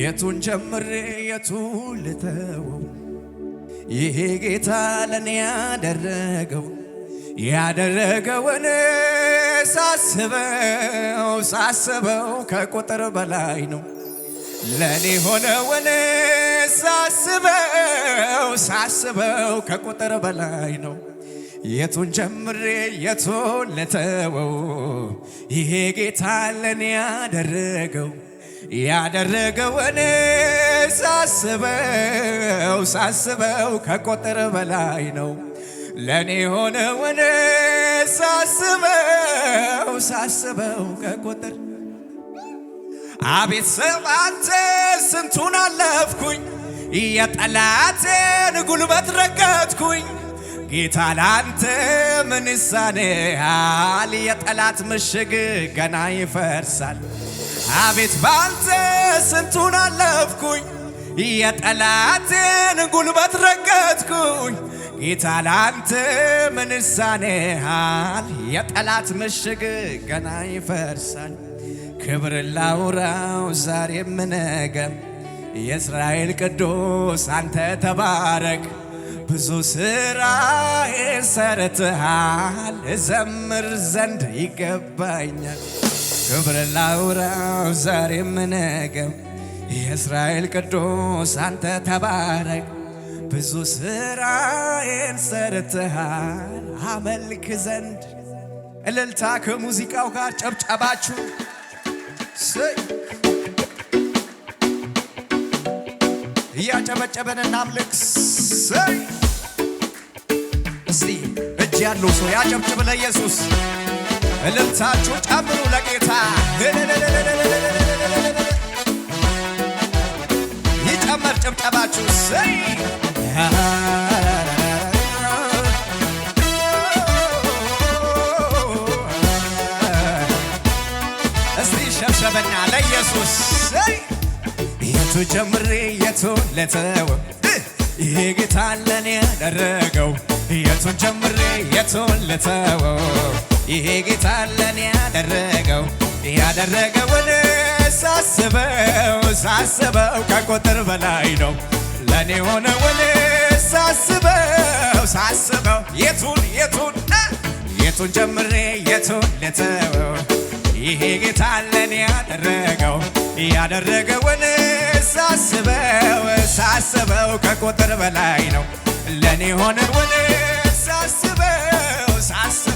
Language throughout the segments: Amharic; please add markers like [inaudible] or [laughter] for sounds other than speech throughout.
የቱን ጀምሬ የቱን ልተወው? ይሄ ጌታ ለኔ ያደረገው ያደረገውን ሳስበው ሳስበው ከቁጥር በላይ ነው ለኔ ሆነውን ሳስበው ሳስበው ከቁጥር በላይ ነው። የቱን ጀምሬ የቱን ልተወው? ይሄ ጌታ ለኔ ያደረገው ያደረገውን ሳስበው ሳስበው ከቁጥር በላይ ነው ለኔ የሆነውን ሳስበው ሳስበው ከቁጥር አቤት ስባንተ ስንቱን አለፍኩኝ የጠላቴን ጉልበት ረገጥኩኝ ጌታ ላንተ ምን ይሳንሃል የጠላት ምሽግ ገና ይፈርሳል አቤት ባንተ ስንቱን አለፍኩኝ፣ የጠላትን ጉልበት ረገጥኩኝ። ጌታ ላንተ ምን ይሳንሃል? የጠላት ምሽግ ገና ይፈርሳል። ክብር ላውራው ዛሬ ምነገ የእስራኤል ቅዱስ አንተ ተባረክ። ብዙ ሥራዬ ሰርተሃል፣ እዘምር ዘንድ ይገባኛል። ክብር ላውራው ዛሬም ነገም የእስራኤል ቅዱስ አንተ ተባረክ። ብዙ ሥራዬን ሰርተሃል አመልክ ዘንድ እልልታ ከሙዚቃው ጋር ጨብጨባችሁ እያጨበጨበን እናምልክ። እስቲ እጅ ያለው ሰው ያጨብጭብ ለኢየሱስ እልልታችሁ ጨምሩ ለጌታ ይጨመር ጭብጨባችሁ ሰይ እስቲ ሸብሸበና ለኢየሱስ የቱ ጀምሬ የቱ ልተው ይሄ ጌታ ለኔ ያደረገው የቱ ጀምሬ የቱን ልተወው ይሄ ጌታ ለኔ ያደረገው ያደረገውን ሳስበው ሳስበው ከቁጥር በላይ ነው ለኔ ሆነውን ሳስበው ሳስበው የቱን የቱን የቱን ጀምሬ የቱን ልተወው ይሄ ጌታ ለኔ ያደረገው ያደረገውን ሳስበው ሳስበው ከቁጥር በላይ ነው ለኔ ሆነውን ሳስበው ሳስበው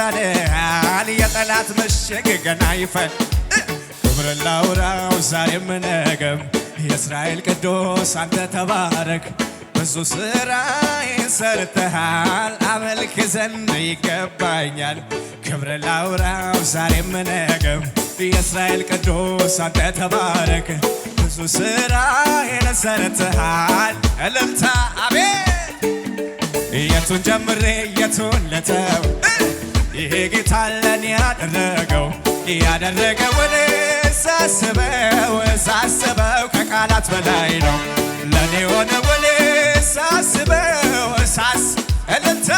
ይነሳል የጠላት ምሽግ ገና ይፈን ክብር ላውራው ዛሬም ነገም የእስራኤል ቅዱስ አንተ ተባረክ። ብዙ ሥራዬን ሰርተሃል አመልክ ዘንድ ይገባኛል። ክብር ላውራው ዛሬም ነገም የእስራኤል ቅዱስ አንተ ተባረክ። ብዙ ሥራዬን ሰርተሃል እልልታ አቤት የቱን ጀምሬ የቱን ልተው ይሄ ጌታ ለኔ ያደረገው ያደረገውን ሳስበው ሳስበው ከቃላት በላይ ነው ለኔ የሆነውን ሳስበው ሳስ እልልታ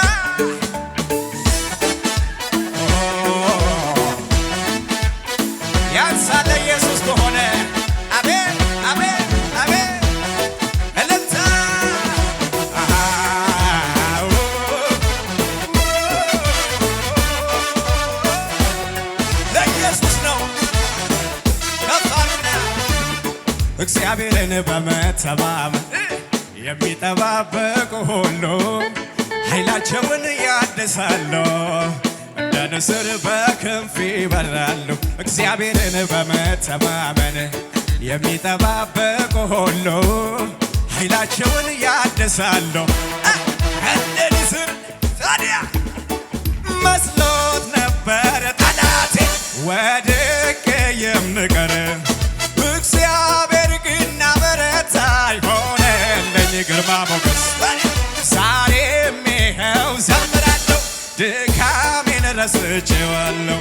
ያንሳለ ኢየሱስ እግዚአብሔርን በመተማመን የሚጠባበቁ ሁሉ ኃይላቸውን ያድሳሉ፣ እንደ ንስር በክንፍ ይበራሉ። እግዚአብሔርን በመተማመን የሚጠባበቁ ሁሉ ኃይላቸውን ያድሳሉ፣ እንደ ንስር ታዲያ መስሎት ነበረ ጠላቴ ወድቄ የምቀር ያለኝ ግርማ ሞገስ ዛሬም ይኸው ዘምራለሁ፣ ድካሜን ረስቼዋለሁ፣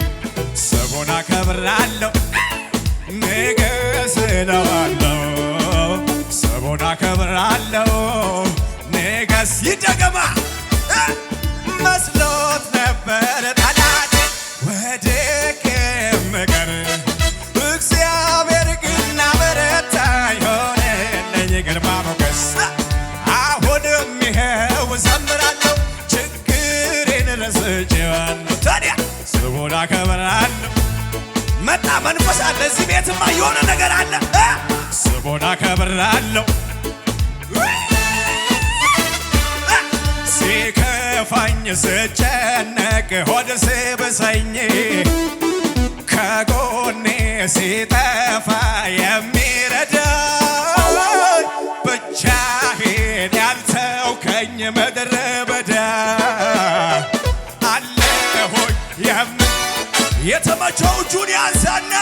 ስሙን አከብራለሁ፣ ንግሥ እለዋለሁ፣ ስሙን አከብራለሁ። ንገስ ይደገማ መስሎት ነበር መንፈስ አለ። እዚህ ቤትማ የሆነ ነገር አለ። ስሙን አከብራለሁ ሲከፋኝ ስጨነቅ ሆድ ሲብሰኝ ከጎኔ ሲጠፋ የሚረዳ ብቻዬን ያልተውከኝ ምድረ በዳ አለሆኝ የተመቸው እጁን ያንሳና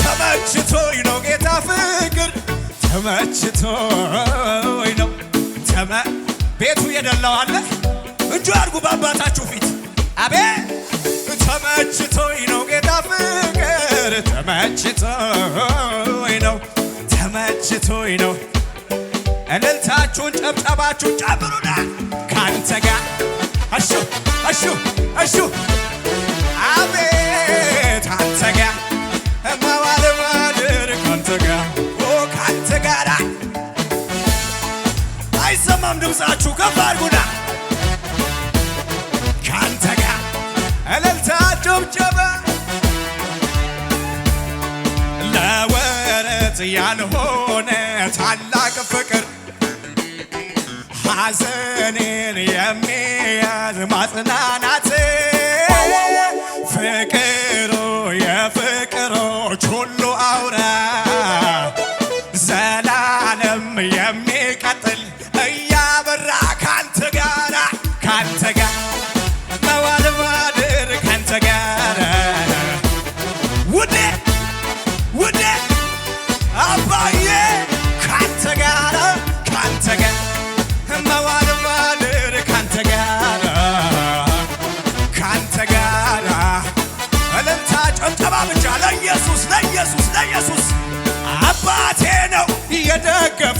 ተመችቶኝ ነው ጌታ ፍቅር ተመችቶኝ ነው ቤቱ የደላው አለ እጁ አድርጉ በአባታችሁ ፊት አቤ ተመችቶኝ ነው ጌታ ፍቅር ተመችቶኝ ነው ተመችቶኝ ነው እልልታችሁን ጨብጨባችሁን ጨምሩና ካንተ ጋር እሹ እሹ እሹ አቤት አንተ ጋር ጋር አይሰማም ድምፃችሁ ከፍ አድርጉና ካንተ ጋር እልልታ ጭብጨባ ለወረት ያልሆነ ታላቅ ፍቅር ሐዘኔን የሚያዝ ማጽናናት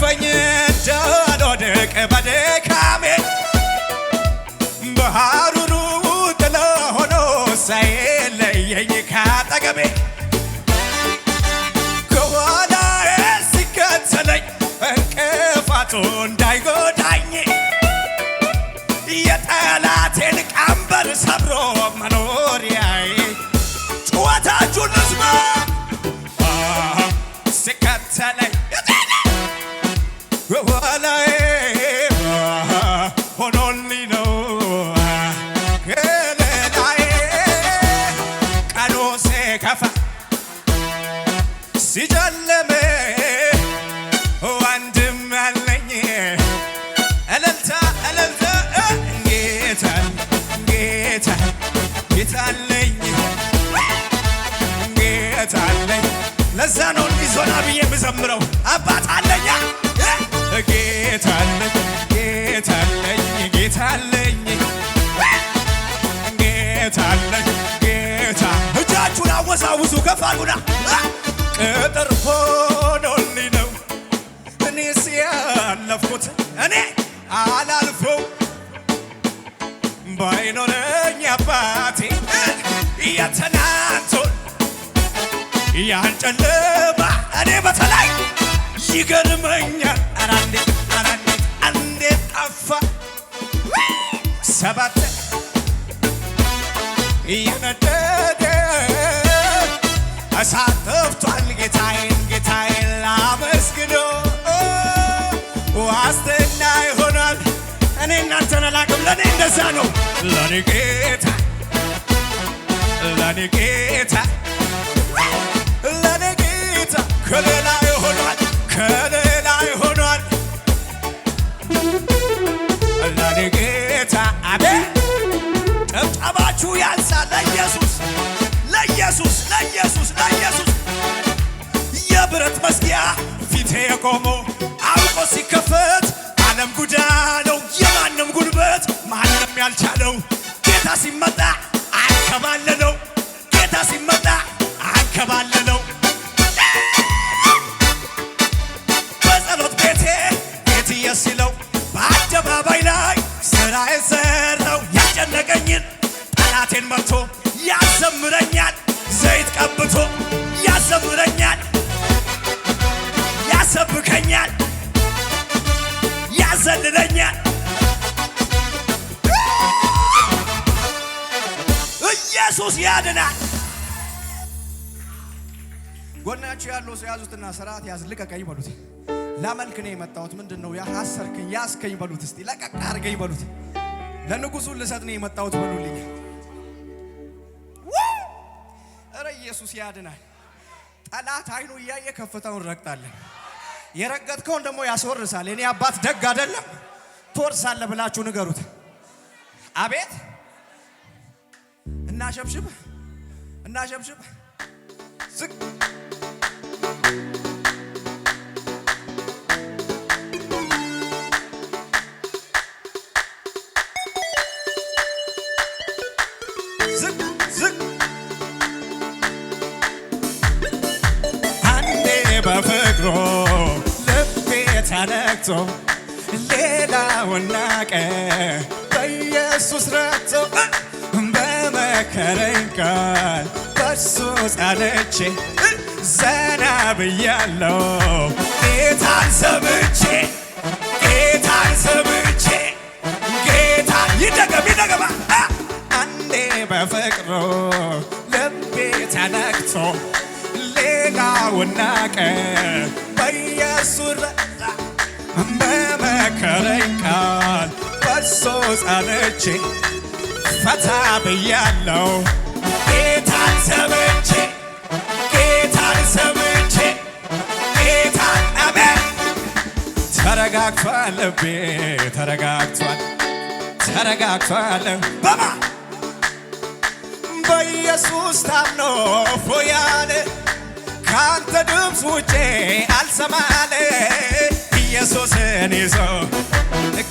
አብረኝ እንዳልወድቅ በድካሜ ባህሩሩ ጥላ ሆኖ ሳይለየኝ ካጠገቤ ከኋላዬ ሲከተለኝ እንቅፋቱ እንዳይጎዳኝ የጠላቴን ቀንበር ሰብሮ መኖሪያዬ ጩኸታችሁን ልስማ ሲከተለኝ በረከት አለኝ። ለዛ ነው እንዲህ ዞና ብዬ የምዘምረው። አባት አለኛ ጌታ አለኝ ጌታ አለኝ ጌታ አለኝ ጌታ አለኝ ጌታ እጃችሁን አወሳውሱ ከፍ አሉና ቅጥር ሆኖልኝ ነው እኔ ያለፍኩት እኔ አላልፈው ባይኖረኝ አባቴ እየተና ያን ጨለማ እኔ በተለይ ይገርመኛል። ኧረ እንዴት ኧረ እንዴት እንዴት ጠፋ ሰባት እየነደደ እሳት ጠፍቷል። ጌታዬን ጌታዬን ላመስግኖ ዋስትና ይሆናል። እኔ እናንተን አላቅም። ለእኔ እንደዛ ነው ለኔ ጌታ ለኔ ጌታ ከሌላ ይሆኗል ከሌላ ይሆኗል የብረት መዝጊያ ፊቴ የቆሞ አውቆ ሲከፈት ጉዳ ነው የማንም ጉልበት ማንም ያልቻለው ጌታ ሲመጣ አንከባለለው ጌታ ሲመጣ አንከባለለው ደስ ሲለው በአደባባይ ላይ ስራዬን ሰራው። ያጨነቀኝን ጠላቴን መርቶ ያዘምረኛል። ዘይት ቀብቶ ያዘምረኛል፣ ያሰብከኛል፣ ያዘልለኛል። ኢየሱስ ያድናል። ጎናችሁ ያለው ሰው ያዙትና ስርዓት ያዝ ልቀቀኝ በሉት። ላመልክ ነው የመጣሁት። ምንድን ነው ያሳሰርከኝ? ያስከኝ በሉት እስቲ ለቀቅ አድርገኝ በሉት። ለንጉሱ ልሰጥ ነው የመጣሁት በሉልኝ። እረ ኢየሱስ ያድናል። ጠላት አይኑ እያየ ከፍታውን ረግጣለን። የረገጥከውን ደግሞ ያስወርሳል። እኔ አባት ደግ አይደለም። ትወርሳለ ብላችሁ ንገሩት። አቤት እናሸብሽብ፣ እናሸብሽብ ዝግ ረቶ ሌላውን ናቀ በኢየሱስ ረቶ በመከረኝ ቃል በእርሱ ጸንቼ ዘና ብያለው ጌታን ሰምቼ ጌታን ሰምቼ ጌታ ይደገም ይደገማ አንዴ በፍቅሮ ልቤ ተነክቶ ሌላውን ናቀ በኢየሱስ በመከረኝ ቃል በሶ ጸንቼ ፈታ ብያለው ጌታን ሰምቼ ጌታን ሰምቼ ጌታን አሜ ተረጋግቷል ልቤ ተረጋግቷል ተረጋግቷል በማ በኢየሱስ ታምኖ ፎያል ካንተ ድምፅ ውጪ አልሰማል ኢየሱስን ይዞ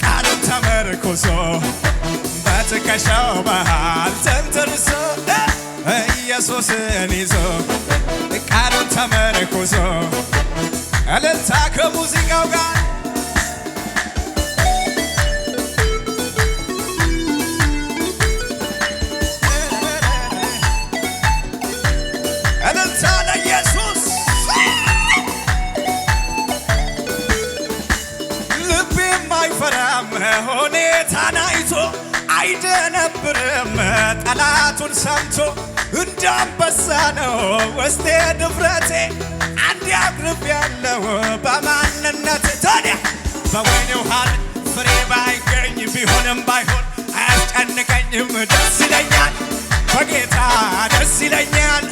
ቃሉን ተመርኩሶ በትከሻው መሃል ተንተርሶ ኢየሱስን ይዞ ቃሉን ተመርኩሶ እልልታ ከሙዚቃው ጋር አይፈራም ሁኔታን አይቶ አይደነብርም ጠላቱን ሰምቶ እንደ አንበሳ ነው ውስጤ ድፍረቴ አንድ አቅርብ ያለው በማንነት ታዲያ በወይኔ ውሃን ፍሬ ባይገኝ ቢሆንም ባይሆን አያስጨንቀኝም ደስ ይለኛል በጌታ ደስ ይለኛል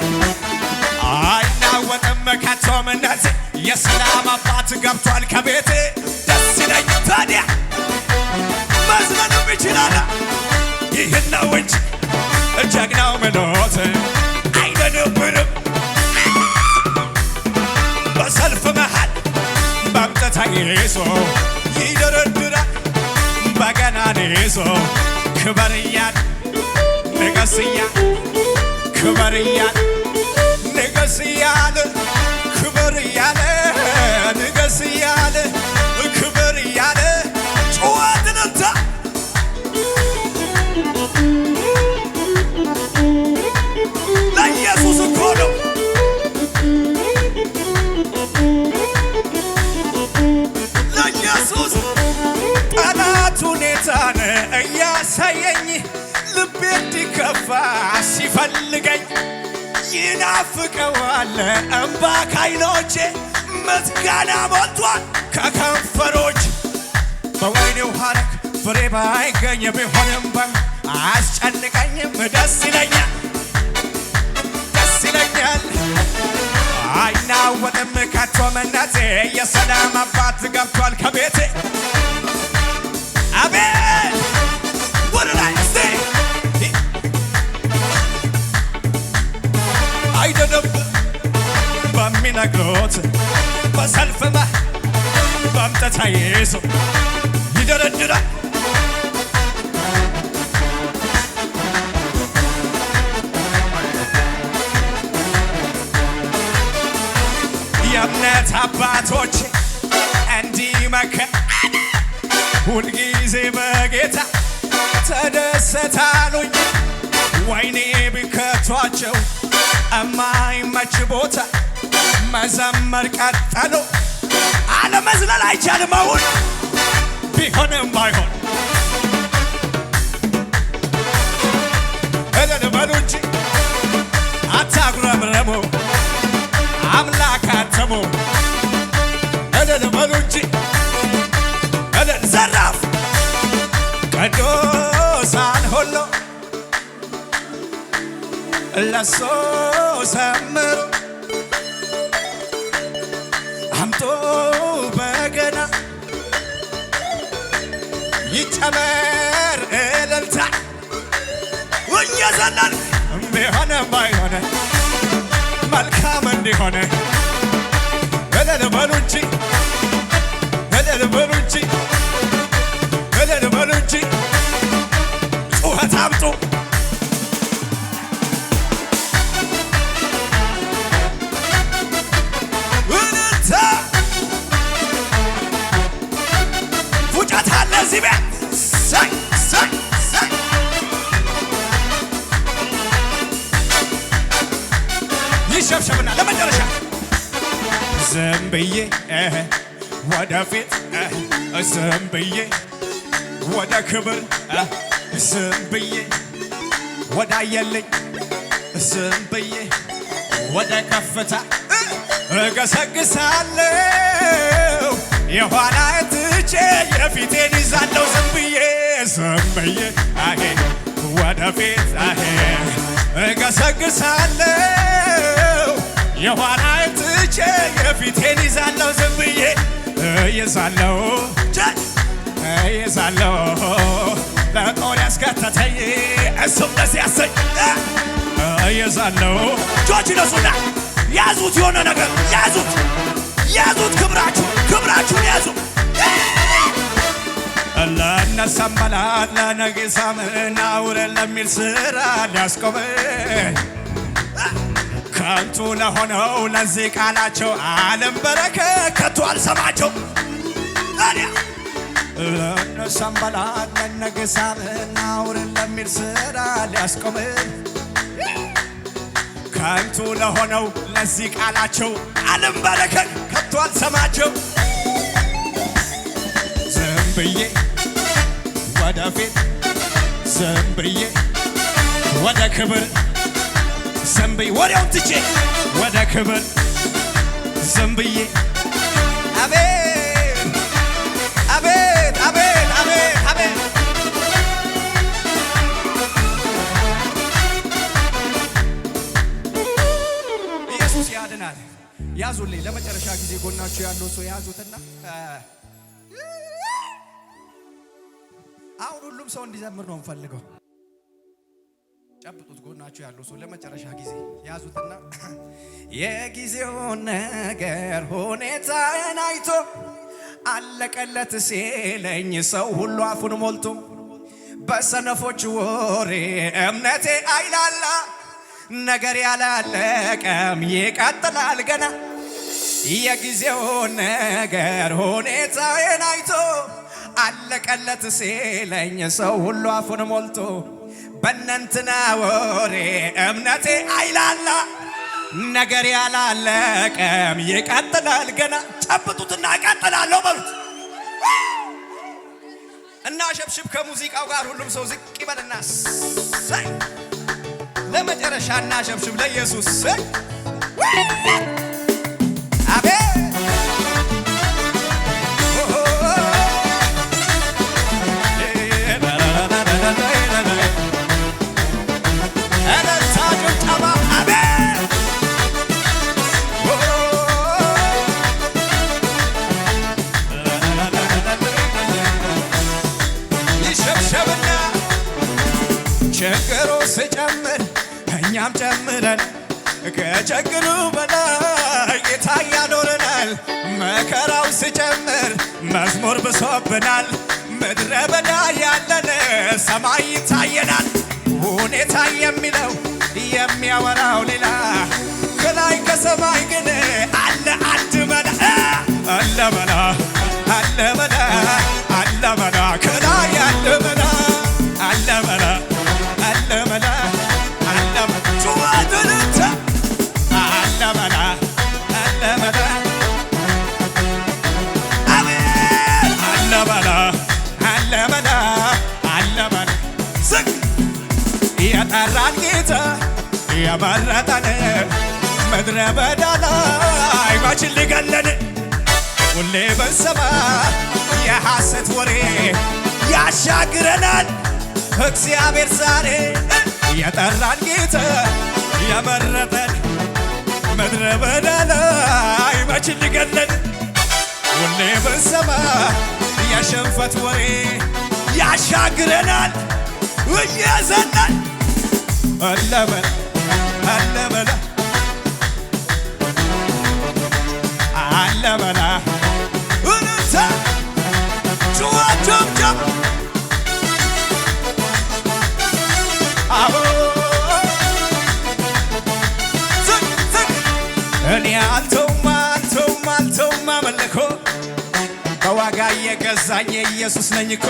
አይናወጥም ከቶም እምነቴ የሰላም አባት ገብቷል ከቤቴ ሲለኝ ታዲያ መዝመንም ይችላል ይህን ነው እንጂ ጀግናው ምኖት አይደንብንም በሰልፍ መሃል በምጠታኝ ይዞ ይደረድራል በገናን ይዞ ክበርያል ንገስያል ክበርያል ፈልገኝ ይናፍቀዋል እምባ ካይኖቼ ምስጋና ሞልቷል ከከንፈሮች በወይኔው ሐረግ ፍሬ ባይገኝ ቢሆንም በ አያስጨንቀኝም ደስ ይለኛል ደስ ይለኛል አይናወጥም ከቶ መናቴ የሰላም አባት ገብቷል ከቤቴ አቤት ወደ ላይ ነግሮት በሰልፍ መህ በምጠት ይዞ ይደረድራል የእምነት አባቶች እንዲመከን ሁልጊዜ በጌታ ተደሰታሉኝ ወይኔ ቢከቷቸው እማይመች ቦታ መዘመር ቀጠሉ። አለመዝለል አይቻልም። አሁን ቢሆንም ባይሆን እልል በሉ እንጂ አታጉረምረሙ፣ አምላክ አትሙ። እልል በሉ እንጂ እልል ዘራፍ ቅዱሳን ሁሉ ለሶ ዘምሩ ቀመር እልልታ እየዘለል እንዲሆነ ባይሆነ መልካም እንዲሆነ እልል በሉ እንጂ እልል በሉ ብዬ ወደፊት ዝም ብዬ ወደ ክብር ዝም ብዬ አየልኝ ዝም ብዬ ወደ ከፍታ እገሰግሳለሁ የኋላ ትቼ የፊቴን ይዛለሁ ዝም ብዬ ዝም ብዬ ወደፊት እገሰግሳለሁ የኋላዬን ትቼ የፊቴን ይዛለው ዝም ብዬ እይዛለው እይዛለው ለጦር ያስከተተኝ እሱም ደስ ያሰኝ እይዛለው እጆች ይነሱና ያዙት የሆነ ነገር ያዙት ያዙት ክብራችሁ ክብራችሁን ያዙ ለእነሰመላት ለነጌሳምና ለሚል ስራ ሊያስቆመኝ ከንቱ ለሆነው ለዚህ ቃላቸው ዓለም በረከ ከቶ አልሰማቸው ሰንበላት ለነግሳር ናውርን ለሚል ስራ ሊያስቆም ከንቱ ለሆነው ለዚህ ቃላቸው ዓለም በረከ ከቶ አልሰማቸው ዝም ብዬ ወደፊት ዝም ብዬ ወደ ክብር ዘንብዬ ወዲያውን ትቼ ወደ ክብር ዘንብዬ አቤት አቤት አቤት አቤት አቤት ኢየሱስ ያድናል። ያዙልኝ። ለመጨረሻ ጊዜ ጎናችሁ ያለው ሰው የያዙትና አሁን ሁሉም ሰው እንዲዘምር ነው የምፈልገው። ጨብጡት። ጎናችሁ ያለው ሰው ለመጨረሻ ጊዜ ያዙትና [clears throat] የጊዜው ነገር ሁኔታን አይቶ አለቀለት ሲለኝ ሰው ሁሉ አፉን ሞልቶ በሰነፎች ወሬ እምነቴ አይላላ ነገር ያላለቀም ይቀጥላል ገና የጊዜው ነገር ሁኔታን አይቶ አለቀለት ሲለኝ ሰው ሁሉ አፉን ሞልቶ በእነንትና ወሬ እምነቴ አይላላ ነገር ያላለቀም ይቀጥላል ገና። ጨብጡትና እቀጥላለሁ በሉት እና ሸብሽብ ከሙዚቃው ጋር ሁሉም ሰው ዝቅ ይበልና ለመጨረሻ እና ሸብሽብ ለኢየሱስ ስጨምር እኛም ጨምረን ከችግሩ በላይ ጌታ ያኖረናል። መከራው ስጨምር መዝሙር ብሶብናል። ምድረ በዳ ያለን ሰማይ ይታየናል። ሁኔታ የሚለው የሚያወራው ሌላ ከላይ ከሰማይ ግን አለ አድ መላ አለመላ አለመላ አለመላ ያመረጠን ምድረ በዳ ላይ ማችን ሊገለን ሁሌ ብንሰማ የሐሰት ወሬ ያሻግረናል እግዚአብሔር ዛሬ የጠራን ጌታ የመረጠን ምድረ በዳ ላይ ማችን ሊገለን ሁሌ ብንሰማ የሽንፈት ወሬ ያሻግረናል እየዘለን እለመን አለ እኔ አልተውም አልተውም አልተውም አመለኮ በዋጋ የገዛኝ ኢየሱስ ነኝ እኮ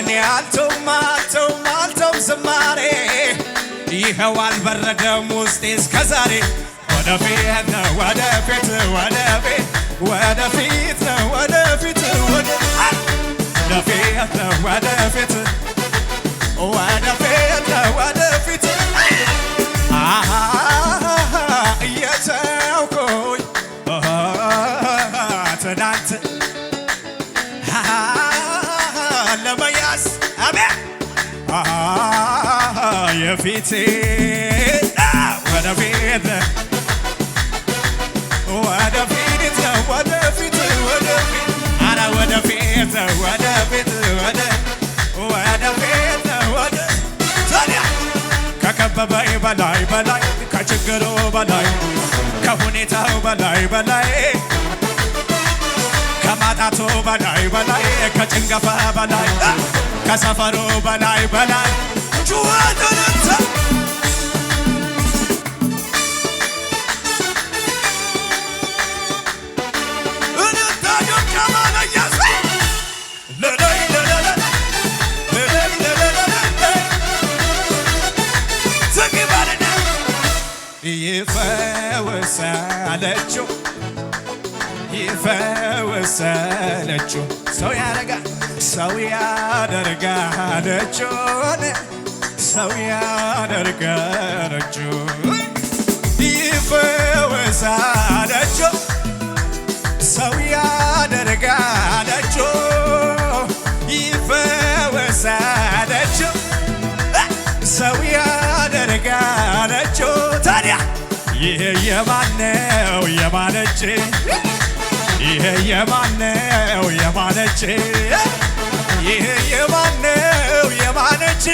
እኔ አልተውም አልተውም አልተውም ዝማሬ ይኸው አልበረደም ውስጤ እስከዛሬ ወደፊት ነው ወደፊት ወደፊት ወደፊት ነው ወደፊት ወደፊት ነው ወደፊት ወደፊት ወደፊት ወደ ታዲያ ከከበበይ በላይ በላይ ከችግሩ በላይ ከሁኔታው በላይ በላይ ከማጣቱ በላይ በላይ ከጭንገፋ በላይ ከሰፈሩ በላይ በላይ ይፈወሳለችው ሰው ያደርጋ ሰው ያደርጋለችውን ሰው ያደርጋችሁ ይፈወሳላችሁ ሰው ያደርጋላችሁ ይፈወሳላችሁ ሰው ያደርጋላችሁ ታዲያ ይሄ የማነው የማነች ይሄ የማነው የማነች ይሄ የማነው የማነች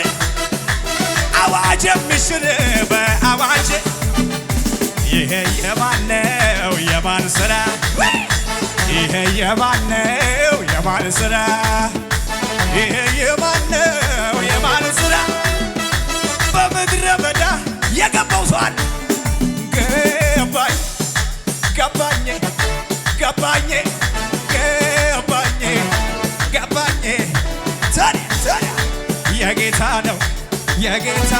አዋጅ የሚሽር በአዋጅ ይሄ የማነው የማን ስራ? ይሄ የማነው የማን ስራ? ይሄ የማነው የማን ስራ? በምድረ በዳ የገባው ሰዋል ገባኝ ገባኝ ገባኝ የጌታ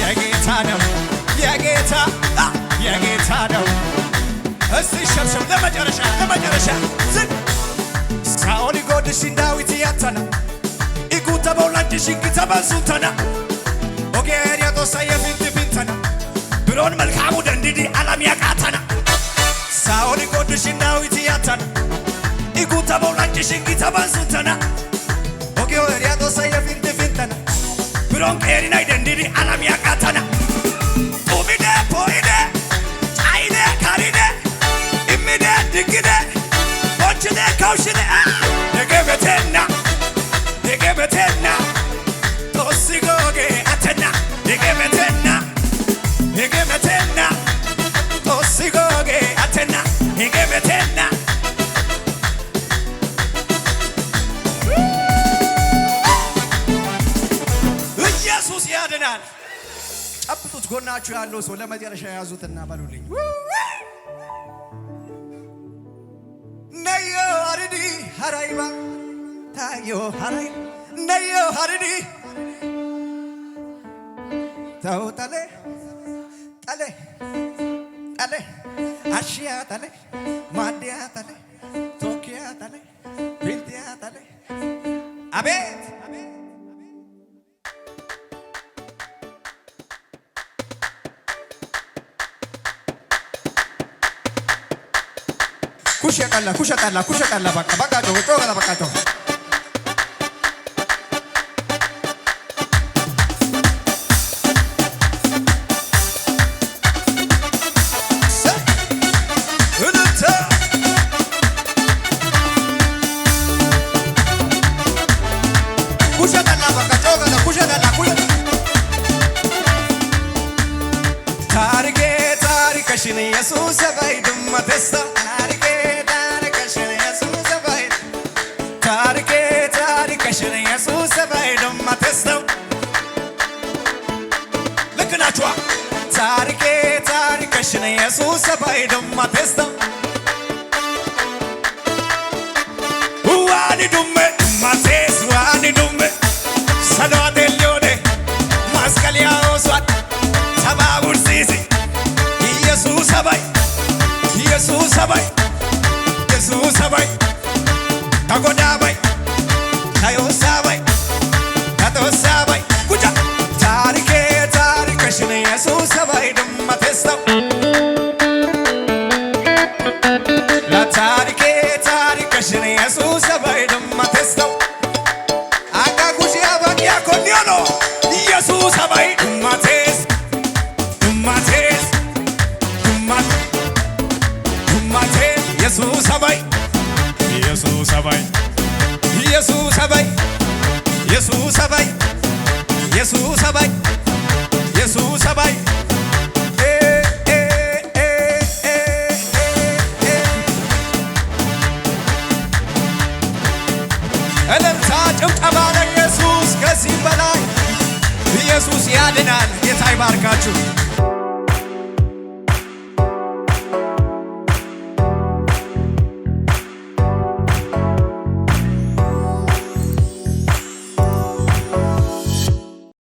የጌታ ነው የጌታ የጌታ ነው። እስቲ ሸብሸብ ለመጨረሻ ለመጨረሻ ዝግ ሳኦል ጎድሽን ዳዊት ያተና ኢጉተ በውላንድሽን ክተበዙተና ኦጌር የጦሳ የፊንት ፊንተና ብሎን መልካሙ ደንድዲ አላም ያቃተና ሳኦል ጎድሽን ዳዊት ያተና ኢጉተ በውላንድሽን ክተበዙተና ኦጌር የጦሳ ብሎን ጤሪና ይደንዲኒ አላም ያቃተና ጡሚደ ፖኢደ ጫይደ ካሪደ እሚደ ድግደ ሞችደ ካውሽደ ደገበቴና ደገበቴና ጎናችሁ ያለው ሰው ለመጨረሻ የያዙትና በሉልኝ ነዮ ሀርዲ ሀራይባ ታዮ ሀራይ ነዮ ሀርዲ ተው ጠሌ ጠሌ ጠሌ አሽያ ጠሌ ማዲያ ጠሌ ቶኪያ ጠሌ ቢልቲያ ጠሌ አቤ kushatalla kushatalla kushatalla bakka bakka to to bakka to ታሪኬ ታሪከሽን የሱስ ሰበይ ድማ ደስታ Yesuusabaiidham mateessa. Waani dhumme matees waani dhumme sadaateelyoode maskaliyaa ooswaad sabaa bursiisi Yesuusabai Yesuusabai Yesuusabai.